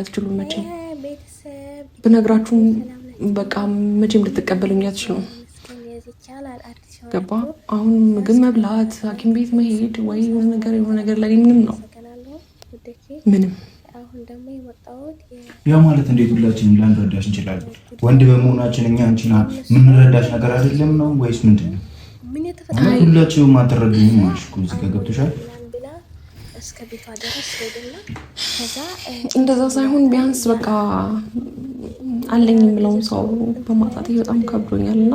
አትችሉም። መቼም ብነግራችሁም በቃ መቼም ልትቀበሉኝ አትችሉም። ገባ? አሁን ምግብ መብላት፣ ሐኪም ቤት መሄድ ወይ የሆነ ነገር የሆነ ነገር ላይ ምንም ነው ምንም ያ ማለት እንዴት ሁላችንም ላንረዳሽ እንችላለን? ወንድ በመሆናችን እኛ እንችና የምንረዳሽ ነገር አይደለም ነው ወይስ ምንድን ነው? ሁላችሁም አትረዱኝም አልሽ እኮ እዚህ ጋር ገብቶሻል። እስከ ቤቷ ድረስ ሄደና ከዛ እንደዛ ሳይሆን ቢያንስ በቃ አለኝ የምለውን ሰው በማጣት በጣም ከብዶኛል እና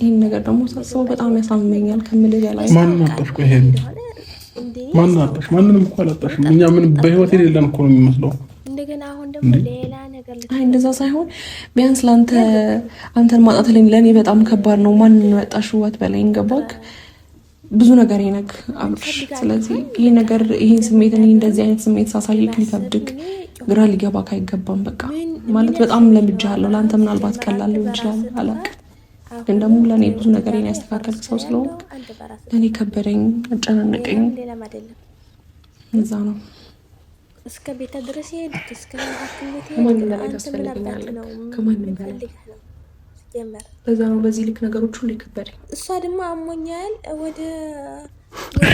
ይህን ነገር ደግሞ ሳስበው በጣም ያሳመኛል። ከምል በላይ። ማንን አጣሽ? ቆይ ይሄ ማንን አጣሽ? ማንንም እኮ አላጣሽም። እኛ ምን በህይወት የሌለን እኮ ነው የሚመስለው። እንደገና አሁን ደግሞ ሌላ ነገር እንደዛ ሳይሆን ቢያንስ ለአንተ አንተን ማጣት ለኔ በጣም ከባድ ነው። ማንን መጣሽ? ህወት በላይ እንገባክ ብዙ ነገር ይነግ አብርሽ። ስለዚህ ይህ ነገር ይህን ስሜት እኔ እንደዚህ አይነት ስሜት ሳሳይክ ሊከብድክ ግራ ሊገባ ካይገባም በቃ ማለት በጣም ለምጃለሁ። ለአንተ ምናልባት ቀላል ሊሆን ይችላል አላውቅም፣ ግን ደግሞ ለእኔ ብዙ ነገር ያስተካከልክ ሰው ስለሆንክ ለእኔ ከበደኝ፣ አጨናነቀኝ። እዛ ነው እስከ ቤተ ድረስ ሄድክ እስከ ማንም በላይ ያስፈልግኛለ ከማንም በላይ ለዛ ነው በዚህ ልክ ነገሮች ሁሉ ይከበድ። እሷ ደግሞ አሞኛል ወደ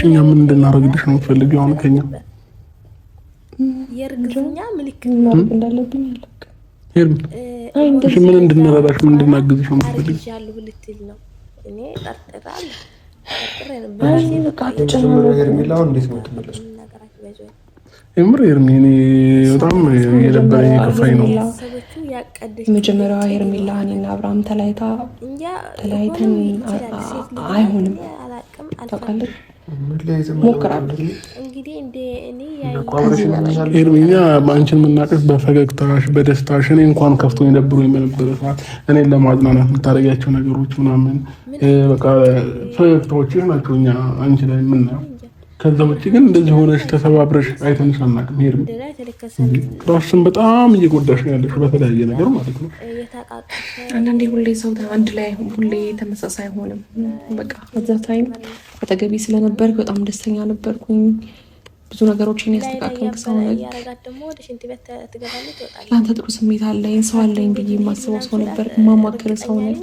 እኛ ምን እንድናረግልሽ ነው የምትፈልጊው? አሁን ከኛ የእርግዝኛ ምልክት ማድረግ እንዳለብኝ አለቅ ምን እንድንረዳሽ ምን እንድናግዝሽ ነው የምትፈልጊው? ያሉ ብልትል ነው እኔ ጠርጥራል ጠርጥሬ ነበር። በቃ ተጨማሪ ነገር እንዴት ነው ተመለሱ የምር ሄርሜኔ በጣም የደበረኝ የከፋኝ ነው። መጀመሪያዋ ሄርሜላ እኔና አብርሃም ተለያይታ ተለያይተን አይሆንም ታውቃለች። ሄርሜኛ በአንቺን የምናቀፍ በፈገግታሽ በደስታሽ እኔ እንኳን ከፍቶ የነበሩ የመነበረ ሰዓት እኔ ለማጽናናት የምታደርጊያቸው ነገሮች ምናምን በቃ ፈገግታዎችሽ ናቸው እኛ አንቺ ላይ የምናየው ከዛ ውጭ ግን እንደዚህ ሆነሽ ተሰባብረሽ አይተንሽ አናውቅም። ሄድ ራስሽን በጣም እየጎዳሽ ነው ያለሽ በተለያየ ነገር ማለት ነው። አንዳንዴ ሁሌ ሰው አንድ ላይ ሁሌ ተመሳሳይ አይሆንም። በቃ በዛ ታይም አጠገቤ ስለነበር በጣም ደስተኛ ነበርኩኝ። ብዙ ነገሮችን ያስተካከልክ ሰው ነህ። ለአንተ ጥሩ ስሜት አለኝ ሰው አለኝ ብዬ የማስበው ሰው ነበር። የማማክር ሰው ነህ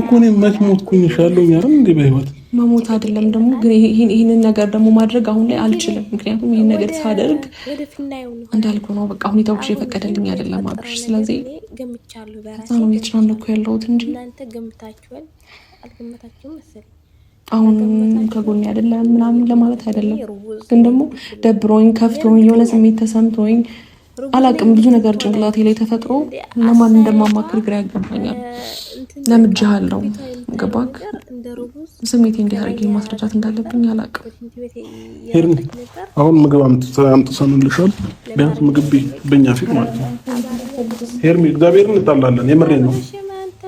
እኮ እኔ መች ሞትኩኝ እሻለሁ አይደል እንዴ? በህይወት መሞት አይደለም ደግሞ ግን ይህንን ነገር ደግሞ ማድረግ አሁን ላይ አልችልም። ምክንያቱም ይህን ነገር ሳደርግ እንዳልኩ ነው በቃ ሁኔታዎች የፈቀደልኝ አይደለም አብርሽ። ስለዚህ እዛ ነው እየተጨናነኩ ያለሁት እንጂ አሁን ከጎን አይደለም ምናምን ለማለት አይደለም። ግን ደግሞ ደብሮኝ ከፍቶኝ የሆነ ስሜት ተሰምቶኝ አላቅም ብዙ ነገር ጭንቅላቴ ላይ ተፈጥሮ ለማን እንደማማክር ግራ ያገባኛል። ነው ገባክ? ስሜቴ እንዲህ አድርጌ ማስረዳት እንዳለብኝ አላቅም። አሁን ምግብ አምጥሰንልሻል። ቢያንስ ምግብ በኛ ፊት ማለት ነው። ሄርሚ እግዚአብሔር እንጣላለን። የምሬ ነው።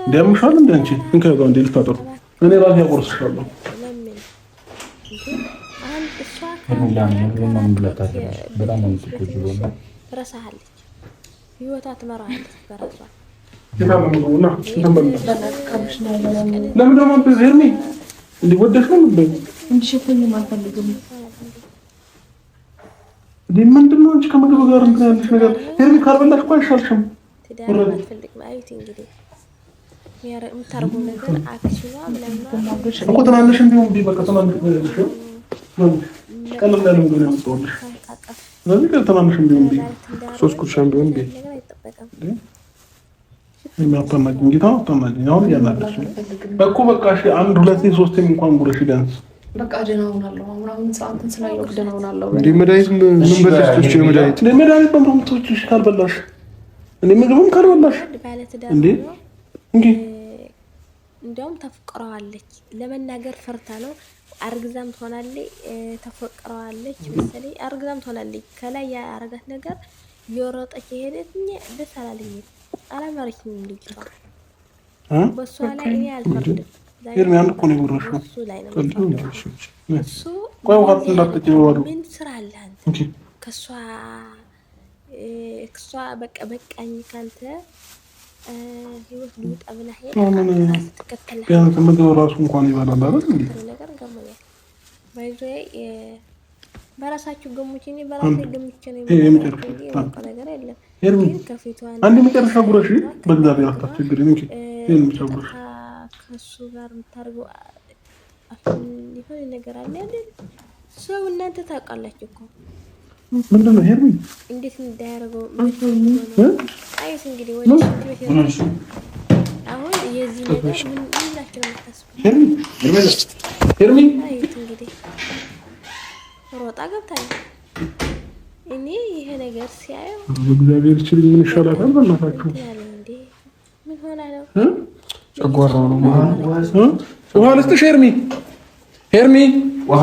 እንዲያምሻል እንደ አንቺ እንከዛ እንዲ ልታጠሩ እኔ ራሴ ያቆርስሻለሁ። በጣም ነው ረሳሃለች። ህይወታ ትመራሃለች በራሷ ምንድን ነው? አንቺ ከምግብ ጋር እንትን ያለሽ ነገር ሄርሚ፣ ካልበላሽ እኮ አይሻልሽም። ትዳር አልፈልግም አዩት እንግዲህ የምታደርገው ነገር አክሽኗ እኮ ትናንሽ እንዲሁም በቃ ትናንሽ ቀለል ያለ ነገር ያመጣሁልሽ ስለዚህ ከተማምሽም ቢሆን ቢ ሶስት ጉርሻም ቢሆን ቢ የሚያታማጅኝ ጌታ አታማጅኝ። አሁን እያናደሱ እኮ በቃ እሺ፣ አንድ ሁለቴ ሶስቴም እንኳን ጉረሽ ቢያንስ በቃ ካልበላሽ ምግብም ካልበላሽ እንዴ እንዴ እንዲያውም ተፈቅረዋለች ለመናገር ፈርታ ነው። አርግዛም ትሆናለች፣ ተፈቅረዋለች መሰለኝ። አርግዛም ትሆናለች። ከላይ ያረጋት ነገር የወረጠች የሄደት እ ደስ አላለኝም፣ አላማረችኝም ልጅቷ። በእሷ ላይ እኔ አልፈርድም። ምን ስራ አለ አንተ ከእሷ በቃ በቃኝ ካንተ ህይወት ልውጣ ብላ ሄዳ ከምግብ ራሱ እንኳን ይበላል አይደል? ነገር ገሙኛል። በራሳችሁ ገሙች። እኔ በራሴ ገሙቼ ነው የማውቀ ነገር የለም። አንድ መጨረሻ ጉረሽ በእግዚአብሔር አታስቸግሪ። ይህን ጋር የምታደርገው የሆነ ነገር አለ አይደል? ሰው እናንተ ታውቃላችሁ እኮ ምንድን ነው ሄርሚ? እንዴት እንዳያደርገው አይስ እንግዲህ ወደ ሽንት ሮጣ ገብታለች። እኔ ይሄ ነገር ሲያየው እግዚአብሔር ይችል ምን ይሻላታል? በእናታችሁ ጨጓራው ነው ውሃ ልስጥሽ ሄርሚ ሄርሚ ውሃ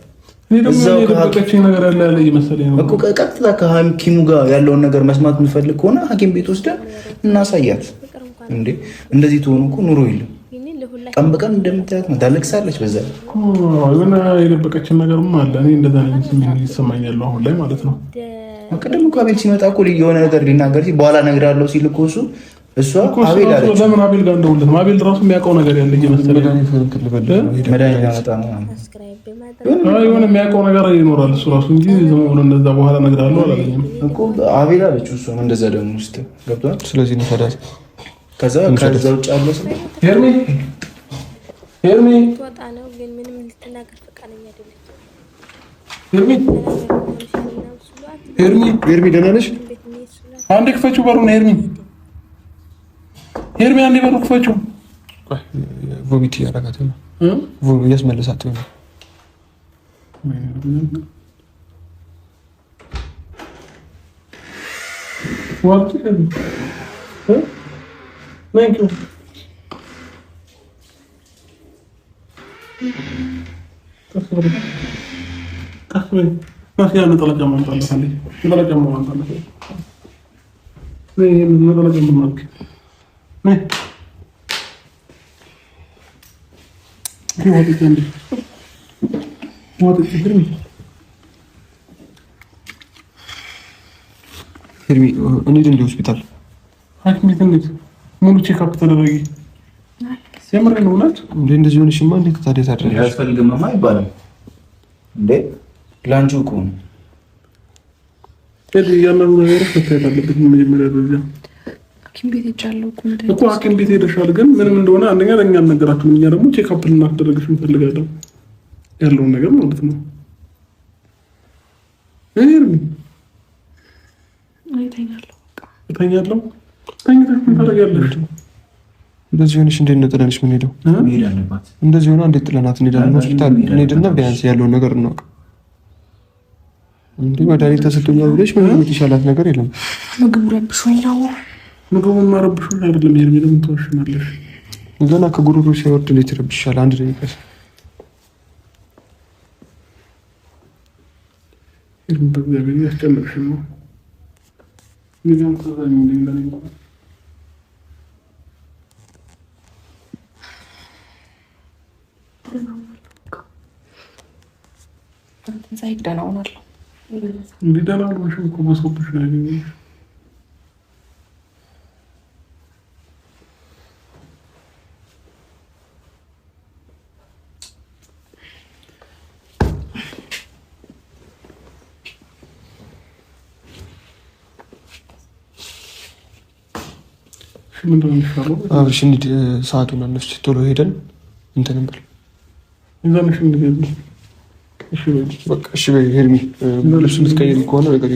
ቀጥታ ከሐኪሙ ጋር ያለውን ነገር መስማት የምፈልግ ከሆነ ሐኪም ቤት ወስደን እናሳያት። እንዴ እንደዚህ ትሆኑ እኮ ኑሮ የለም። ቀን በቀን እንደምታያት ታለቅሳለች። በዛ የሆነ የደበቀችን ነገርም አለ። እኔ እንደዛ ይሰማኛል አሁን ላይ ማለት ነው። ቅድም እኮ ቤት ሲመጣ እኮ የሆነ ነገር ሊናገር በኋላ እነግርሃለሁ ሲል እኮ እሱ እሷ አቤል አለች። ለምን አቤል ጋር እንደውልለት አቤል ራሱ የሚያውቀው ነገር ያለ መሰለኝ። የሆነ የሚያውቀው ነገር ይኖራል እሱ ራሱ እንጂ ዝም ብሎ እንደዛ በኋላ እነግርሃለሁ አላለኝም እኮ አቤል አለችው። እሷም እንደዛ ደግሞ ውስጥ ገብቷል። ስለዚህ ነው ታዲያ ከዛ ከዛ ውጭ ልትናገር ፈቃደኛ ሄርሜ ሄርሚ ሄርሚ ሄርሚ ደህና ነሽ? አንዴ ክፈችው በሩን ሄርሚ ሄርሚያ እንዴ በሩ ክፈችው። ቮሚት እያደረጋት ነው፣ እያስመለሳት ነው። ጠለጫማ ጠለጫማ ጠለጫማ ምን እንሂድ ሆስፒታል ሐኪም ቤት እንሂድ። ሙሉ ቼክአፕ ተደረጊ። የምሬን ነው። እውነት እንደ እንደዚህ ሆነሽማ እንዴት ታዲያ ታደርጊ? አያስፈልግምማ አይባልም እንዴ ለአንቺ እኮ ነው ያለው ነገር መታየት አለበት መጀመሪያ ደረጃ ሐኪም ቤት ሄጃለሁ እኮ ሐኪም ቤት ሄደሻል፣ ግን ምንም እንደሆነ አንደኛ ለእኛ ነገራችን፣ እኛ ደግሞ ቼክአፕ ልናደረግሽ እንፈልጋለን ያለውን ነገር ማለት ነው። እተኛለሁ ተኝተሽ ምን ታደርጊያለሽ? እንደዚህ ሆነሽ እንዴት ነው ጥለንሽ ምን ሄደው? እንደዚህ ሆነ እንዴት ጥለናት እንሄዳለን? ሆስፒታል እንሄድና ቢያንስ ያለውን ነገር እናውቅ። እንዲህ መድኃኒት ተሰጥቶኛል ብለሽ ምንም የተሻላት ነገር የለም። ምግቡ ረብሾኛው ምግቡ ማረብሹ አይደለም። ሄርሜላ ምን ተወሽናለሽ? ገና ከጉሮሮ ሲወርድ ነው ይረብሻል። አንድ ደቂቃ በእግዚአብሔር ያስጨነቅሽ ነው። ደህና ሆናለሁ። ደህና ሆናሽ እኮ በሰብሽ ነው ያገኘሁሽ አብርሽ እንሂድ፣ ሰዓቱን አነፍስ፣ ቶሎ ሄደን እንትን እንበል። እሺ በይ ሄርሚ፣ ልብስ ልትቀይሪ ከሆነ ነገር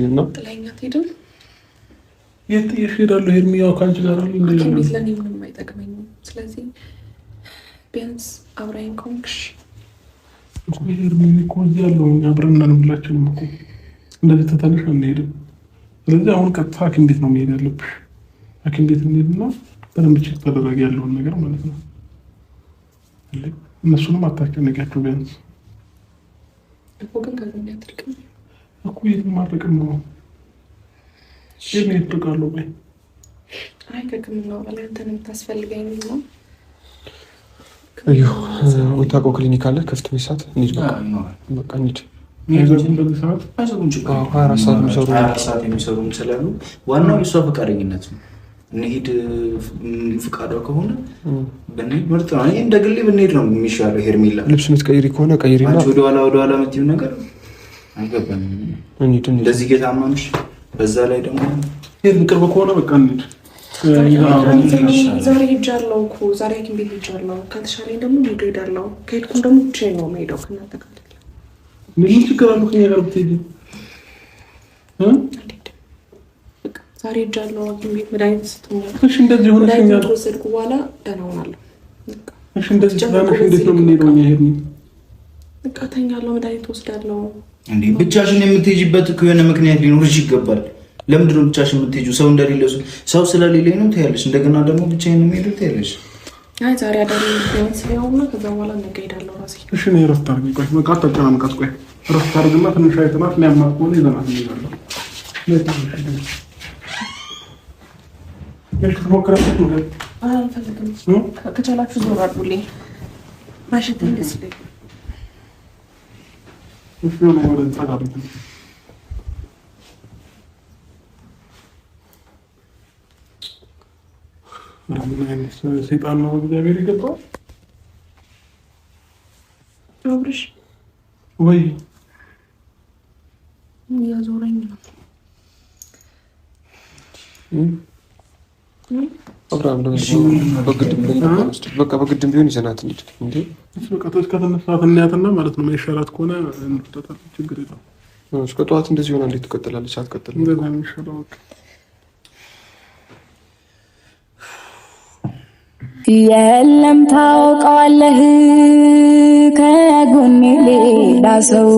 የት እሄዳለሁ? ሄርሚ፣ ያው ከአንቺ ጋር አሉ ቤት ለእኔ ምንም አይጠቅመኝም። ስለዚህ ቢያንስ አብራኝ ኮንክሽ ሄርሚ፣ እኮ እዚህ ያለው አብረን ነን ሁላችንም እኮ እንደዚህ ተተንሽ አንሄድም። ስለዚህ አሁን ቀጥታ ሐኪም ቤት ነው መሄድ ያለብሽ። ሐኪም እንዴት እንሄድና በደንብ ቼክ ተደረገ ያለውን ነገር ማለት ነው። እነሱንም አታጨንቂያቸው ቢያንስ እኮ የት ነው የት ርቃለሁ ባይ አይ ከሕክምናው በላይ አንተን የምታስፈልገኝ ነው። እዩ የምታውቀው ክሊኒክ አለ ክፍት ሰዓት እንሂድ። በቃ እንሂድ። ሰዓት የሚሰሩ ስላሉ ዋናው የእሷ ፈቃደኝነት ነው። እንሂድ ፍቃዷ ከሆነ ብንሄድ ምርጥ ነው። እኔ እንደ ግሌ ብንሄድ ነው የሚሻለው። ሄርሜላ ልብስ የምትቀይሪ ከሆነ ቀይሪ። አንቺ ወደኋላ ወደኋላ መትም ነገር አይገባኝም። እንደዚህ ጌታ ማምሽ። በዛ ላይ ደግሞ ቅርብ ከሆነ በቃ እንሂድ። ዛሬ ሄጃለሁ እኮ ዛሬ ሐኪም ቤት ሄጃለሁ። ከተሻለኝ ደግሞ ሄዶ ሄዳለሁ። ከሄድኩም ደግሞ ብቻዬን ነው የምሄደው ከእናንተ ጋር። ምን ችግር አለው ከኛ ጋር ብትሄጂ? ዛሬ እጃለሁ ሐኪም ቤት መድኃኒት ስትሆኛለሽ ወሰድኩ በኋላ ደህና ሆናለሁ። በቃ መድኃኒት ወስዳለሁ። እንዴ ብቻሽን የምትሄጂበት የሆነ ምክንያት ሊኖርሽ ይገባል። ለምንድን ነው ብቻሽን የምትሄጂው? ሰው እንደሌለ ሰው ስለሌለኝ ነው ትያለሽ። እንደገና ደግሞ ብቻዬን ነው የምሄደው ትያለሽ። አይ ዛሬ አዳሪ ከዛ በኋላ ነገ እሄዳለሁ ራሴ። እሺ እረፍት አድርጊ። ቆይ በቃ አታጨናንቃት። ቆይ እረፍት አድርግና ትንሽ አይተናት ይዘናት እንሄዳለን። ሄድክ ትሞክራለች ነገር አልፈልግም። ከቻላችሁ ዞር አድርጉልኝ። ማሸት ደስ ይለኛል። ምን አይነት ሰይጣን ነው እግዚአብሔር የገባው? አብርሽ ወይ እያዞረኝ ነው አብርሃም በግድም በቃ በግድም ቢሆን ይዘናት እንሂድ። ከተነሳት እናያትና ማለት ነው። ከሆነ ችግር እስከ ጠዋት እንደዚህ ሆና እንዴት ትቀጥላለች? አትቀጥልም። የለም ታውቀዋለህ ከጎን ሌላ ሰው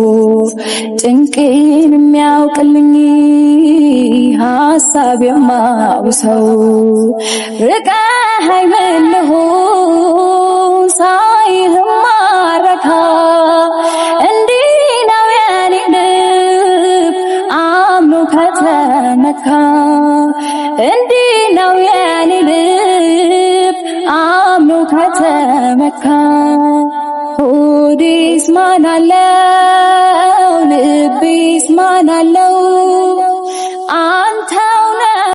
ጭንቄን የሚያውቅልኝ ሀሳብ የማውሰው ርቀህ አይመለሆ